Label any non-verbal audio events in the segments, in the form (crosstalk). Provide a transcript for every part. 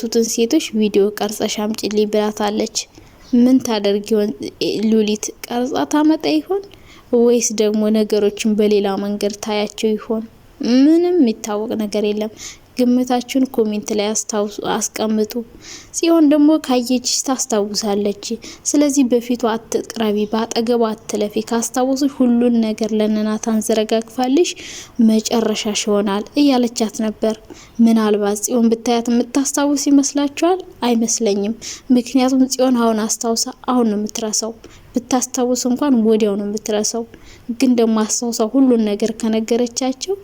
ቱትን ሴቶች ቪዲዮ ቀርጸሽ አምጪልኝ ብላታለች። ምን ታደርግ ይሆን ሉሊት? ቀርጻ ታመጣ ይሆን ወይስ ደግሞ ነገሮችን በሌላ መንገድ ታያቸው ይሆን? ምንም የሚታወቅ ነገር የለም። ግምታችሁን ኮሜንት ላይ አስቀምጡ። ጽዮን ደግሞ ካየች ታስታውሳለች። ስለዚህ በፊቱ አትቅረቢ፣ በአጠገቡ አትለፊ። ካስታወሱ ሁሉን ነገር ለነናታን ዘረጋግፋልሽ መጨረሻሽ ይሆናል እያለቻት ነበር። ምናልባት ጽዮን ብታያት የምታስታውስ ይመስላችኋል? አይመስለኝም። ምክንያቱም ጽዮን አሁን አስታውሳ አሁን ነው የምትረሰው። ብታስታውስ እንኳን ወዲያው ነው የምትረሰው። ግን ደግሞ አስታውሳ ሁሉን ነገር ከነገረቻቸው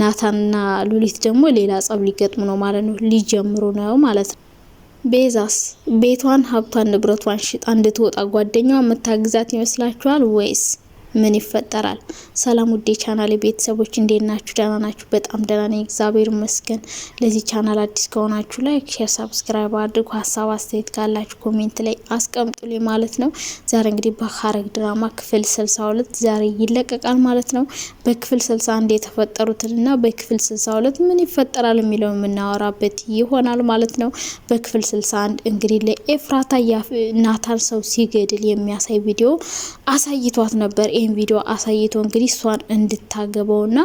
ናታንና ሉሊት ደግሞ ሌላ ጸብ ሊገጥሙ ነው ማለት ነው፣ ሊጀምሩ ነው ማለት ነው። ቤዛስ ቤቷን፣ ሀብቷን፣ ንብረቷን ሽጣ እንድትወጣ ጓደኛዋ ምታግዛት ይመስላችኋል ወይስ ምን ይፈጠራል? ሰላም ውዴ ቻናል ቤተሰቦች እንዴት ናችሁ? ደህና ናችሁ? በጣም ደህና ነኝ፣ እግዚአብሔር ይመስገን። ለዚህ ቻናል አዲስ ከሆናችሁ ላይክ፣ ሼር፣ ሰብስክራይብ አድርጉ። ሀሳብ አስተያየት ካላችሁ ኮሜንት ላይ አስቀምጡልኝ ማለት ነው። ዛሬ እንግዲህ በሐረግ ድራማ ክፍል ስልሳ ሁለት ዛሬ ይለቀቃል ማለት ነው። በክፍል ስልሳ አንድ እና በክፍል ስልሳ ሁለት ምን ይፈጠራል የሚለው የምናወራበት ይሆናል ማለት ነው። በክፍል ስልሳ አንድ እንግዲህ ለኤፍራታ ናታን ሰው ሲገድል የሚያሳይ ቪዲዮ አሳይቷት ነበር። ይህን ቪዲዮ አሳይቶ እንግዲህ እሷን እንድታገባውና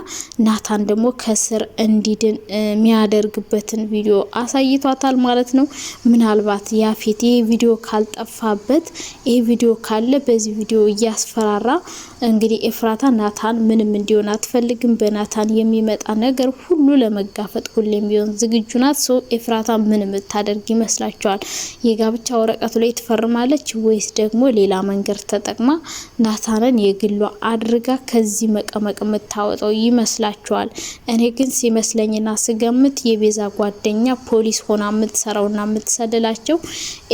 ናታን ደግሞ ከስር እንዲድን የሚያደርግበትን ቪዲዮ አሳይቷታል ማለት ነው። ምናልባት ያፌት ይህ ቪዲዮ ካልጠፋበት ይህ ቪዲዮ ካለ በዚህ ቪዲዮ እያስፈራራ እንግዲህ ኤፍራታ ናታን ምንም እንዲሆን አትፈልግም። በናታን የሚመጣ ነገር ሁሉ ለመጋፈጥ ሁሌም ቢሆን ዝግጁ ናት። ሰው ኤፍራታ ምን ታደርግ ይመስላችኋል? የጋብቻ ወረቀቱ ላይ ትፈርማለች ወይስ ደግሞ ሌላ መንገድ ተጠቅማ ናታንን የግሏ አድርጋ ከዚህ መቀመቅ የምታወጣው ይመስላችኋል? እኔ ግን ሲመስለኝና ስገምት የቤዛ ጓደኛ ፖሊስ ሆና የምትሰራውና የምትሰልላቸው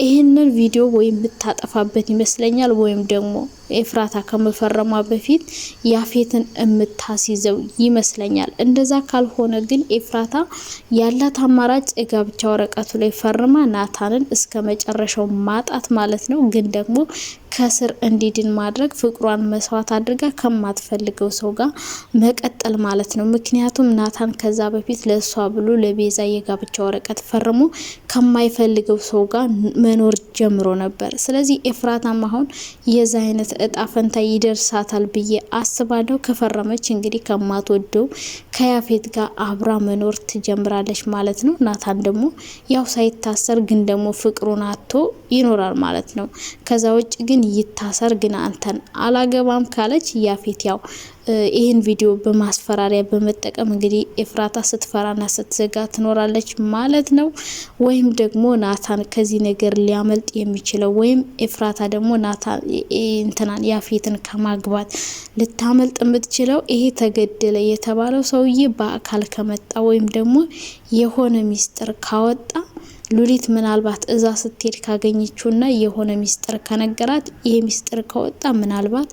ይህንን ቪዲዮ ወይም የምታጠፋበት ይመስለኛል ወይም ደግሞ ኤፍራታ ከመፈረሟ በፊት ያፌትን የምታስይዘው ይመስለኛል። እንደዛ ካልሆነ ግን ኤፍራታ ያላት አማራጭ የጋብቻ ወረቀቱ ላይ ፈርማ ናታንን እስከ መጨረሻው ማጣት ማለት ነው። ግን ደግሞ ከስር እንዲድን ማድረግ ፍቅሯን መስዋዕት አድርጋ ከማትፈልገው ሰው ጋር መቀጠል ማለት ነው። ምክንያቱም ናታን ከዛ በፊት ለእሷ ብሎ ለቤዛ የጋብቻ ወረቀት ፈርሞ ከማይፈልገው ሰው ጋር መኖር ጀምሮ ነበር። ስለዚህ ኤፍራታም አሁን የዛ አይነት እጣ ፈንታ ይደርሳታል ብዬ አስባለሁ። ከፈረመች እንግዲህ ከማትወደው ከያፌት ጋር አብራ መኖር ትጀምራለች ማለት ነው። ናታን ደግሞ ያው ሳይታሰር ግን ደግሞ ፍቅሩን አቶ ይኖራል ማለት ነው። ከዛ ውጭ ግን ይታሰር ግን አንተን አላገባም ካለች ያፌት ያው ይህን ቪዲዮ በማስፈራሪያ በመጠቀም እንግዲህ ኤፍራታ ስትፈራና ስትዘጋ ትኖራለች ማለት ነው። ወይም ደግሞ ናታን ከዚህ ነገር ሊያመልጥ የሚችለው ወይም ኤፍራታ ደግሞ ናታን እንትናን ያፌትን ከማግባት ልታመልጥ የምትችለው ይሄ ተገደለ የተባለው ሰውዬ በአካል ከመጣ ወይም ደግሞ የሆነ ሚስጥር ካወጣ ሉሊት ምናልባት እዛ ስትሄድ ካገኘችውና የሆነ ሚስጥር ከነገራት ይሄ ሚስጥር ከወጣ ምናልባት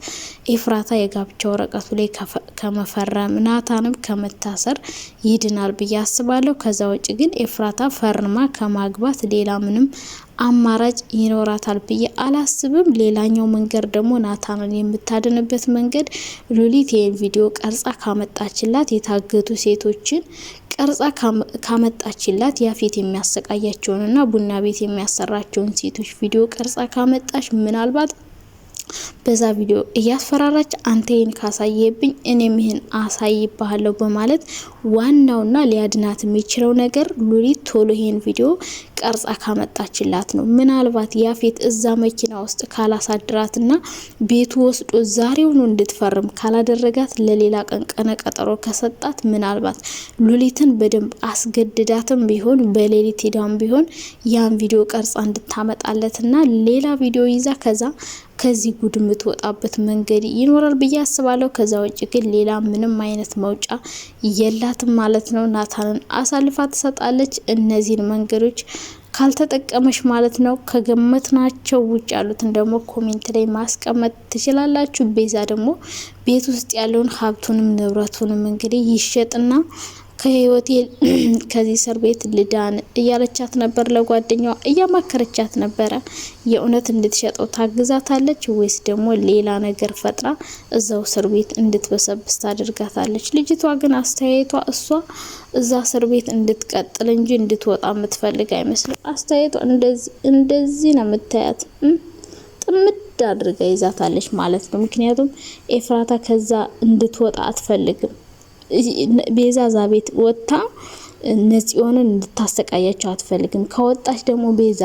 ኤፍራታ የጋብቻ ወረቀቱ ላይ ከመፈረም ናታንም ከመታሰር ይድናል ብዬ አስባለሁ። ከዛ ውጭ ግን ኤፍራታ ፈርማ ከማግባት ሌላ ምንም አማራጭ ይኖራታል ብዬ አላስብም። ሌላኛው መንገድ ደግሞ ናታንን የምታድንበት መንገድ ሉሊት ይህን ቪዲዮ ቀርጻ ካመጣችላት የታገቱ ሴቶችን ቀርጻ ካመጣችላት ያፌት የሚያሰቃያቸውንና ቡና ቤት የሚያሰራቸውን ሴቶች ቪዲዮ ቀርጻ ካመጣች ምናልባት በዛ ቪዲዮ እያስፈራራች አንተ ይህን ካሳየብኝ እኔም ይህን አሳይብሃለሁ በማለት ዋናውና ሊያድናት የሚችለው ነገር ሉሊት ቶሎ ይህን ቪዲዮ ቀርጻ ካመጣችላት ነው። ምናልባት ያፌት እዛ መኪና ውስጥ ካላሳድራትና ቤቱ ወስዶ ዛሬውኑ እንድትፈርም ካላደረጋት ለሌላ ቀን ቀነ ቀጠሮ ከሰጣት ምናልባት ሉሊትን በደንብ አስገድዳትም ቢሆን በሌሊት ሄዳም ቢሆን ያን ቪዲዮ ቀርጻ እንድታመጣለትና ሌላ ቪዲዮ ይዛ ከዛ ከዚህ ጉድ የምትወጣበት መንገድ ይኖራል ብዬ አስባለሁ። ከዛ ውጭ ግን ሌላ ምንም አይነት መውጫ የላትም ማለት ነው። ናታንን አሳልፋ ትሰጣለች። እነዚህን መንገዶች ካልተጠቀመሽ ማለት ነው። ከገመት ናቸው ውጭ ያሉትን ደግሞ ኮሜንት ላይ ማስቀመጥ ትችላላችሁ። ቤዛ ደግሞ ቤት ውስጥ ያለውን ሀብቱንም ንብረቱንም እንግዲህ ይሸጥና ከህይወቴ (clears throat) ከዚህ እስር ቤት ልዳን እያለቻት ነበር። ለጓደኛዋ እያማከረቻት ነበረ። የእውነት እንድትሸጠው ታግዛታለች ወይስ ደግሞ ሌላ ነገር ፈጥራ እዛው እስር ቤት እንድትበሰብስ ታደርጋታለች? ልጅቷ ግን አስተያየቷ እሷ እዛ እስር ቤት እንድትቀጥል እንጂ እንድትወጣ የምትፈልግ አይመስልም። አስተያየቷ እንደዚህ ነው የምታያት። ጥምድ አድርጋ ይዛታለች ማለት ነው። ምክንያቱም ኤፍራታ ከዛ እንድትወጣ አትፈልግም። ቤዛ ዛ ቤት ወጥታ ነፂዮንን እንድታሰቃያቸው አትፈልግም። ከወጣች ደግሞ ቤዛ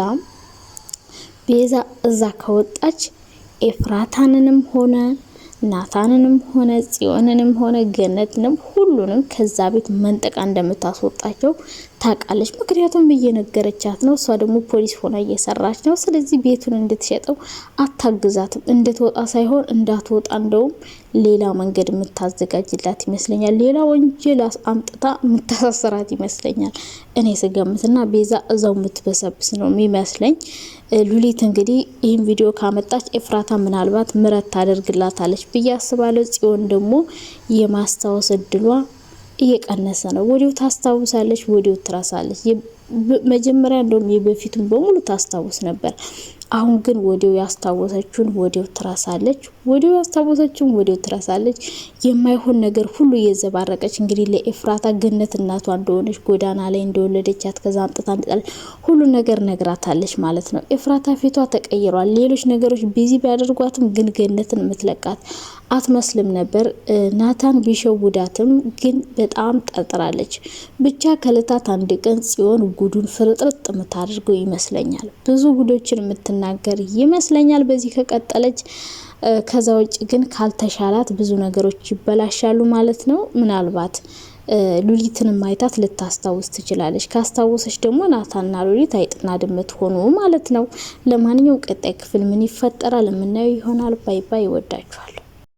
ቤዛ እዛ ከወጣች ኤፍራታንንም ሆነ ናታንንም ሆነ ጽዮንንም ሆነ ገነትንም ሁሉንም ከዛ ቤት መንጠቃ እንደምታስወጣቸው ታውቃለች። ምክንያቱም እየነገረቻት ነው፣ እሷ ደግሞ ፖሊስ ሆና እየሰራች ነው። ስለዚህ ቤቱን እንድትሸጠው አታግዛትም። እንድትወጣ ሳይሆን እንዳትወጣ፣ እንደውም ሌላ መንገድ የምታዘጋጅላት ይመስለኛል። ሌላ ወንጀል አምጥታ የምታሳስራት ይመስለኛል። እኔ ስገምትና ቤዛ እዛው የምትበሰብስ ነው የሚመስለኝ። ሉሊት እንግዲህ ይህን ቪዲዮ ካመጣች ኤፍራታ ምናልባት ምረት ታደርግላታለች ብዬ አስባለሁ። ጽዮን ደግሞ የማስታወስ እድሏ እየቀነሰ ነው። ወዲው ታስታውሳለች፣ ወዲው ትረሳለች። መጀመሪያ እንደውም የበፊቱን በሙሉ ታስታውስ ነበር። አሁን ግን ወዲያው ያስታወሰችውን ወዲያው ትረሳለች፣ ወዲያው ያስታወሰችውን ወዲያው ትረሳለች። የማይሆን ነገር ሁሉ እየዘባረቀች እንግዲህ ለኤፍራታ ገነት እናቷ እንደሆነች ጎዳና ላይ እንደወለደቻት ከዛ አምጥታ እንዳለች ሁሉ ነገር ነግራታለች ማለት ነው። ኤፍራታ ፊቷ ተቀይሯል። ሌሎች ነገሮች ቢዚ ቢያደርጓትም ግን ገነትን የምትለቃት አትመስልም ነበር። ናታን ቢሸውዳትም ግን በጣም ጠርጥራለች። ብቻ ከእለታት አንድ ቀን ጽዮን ጉዱን ፍርጥርጥ የምታደርገው ይመስለኛል ብዙ ጉዶችን የምትና የምትናገር ይመስለኛል በዚህ ከቀጠለች። ከዛ ውጭ ግን ካልተሻላት ብዙ ነገሮች ይበላሻሉ ማለት ነው። ምናልባት ሉሊትን ማይታት ልታስታውስ ትችላለች። ካስታወሰች ደግሞ ናታና ሉሊት አይጥና ድመት ሆኑ ማለት ነው። ለማንኛውም ቀጣይ ክፍል ምን ይፈጠራል የምናየው ይሆናል። ባይ ባይ። ይወዳችኋል።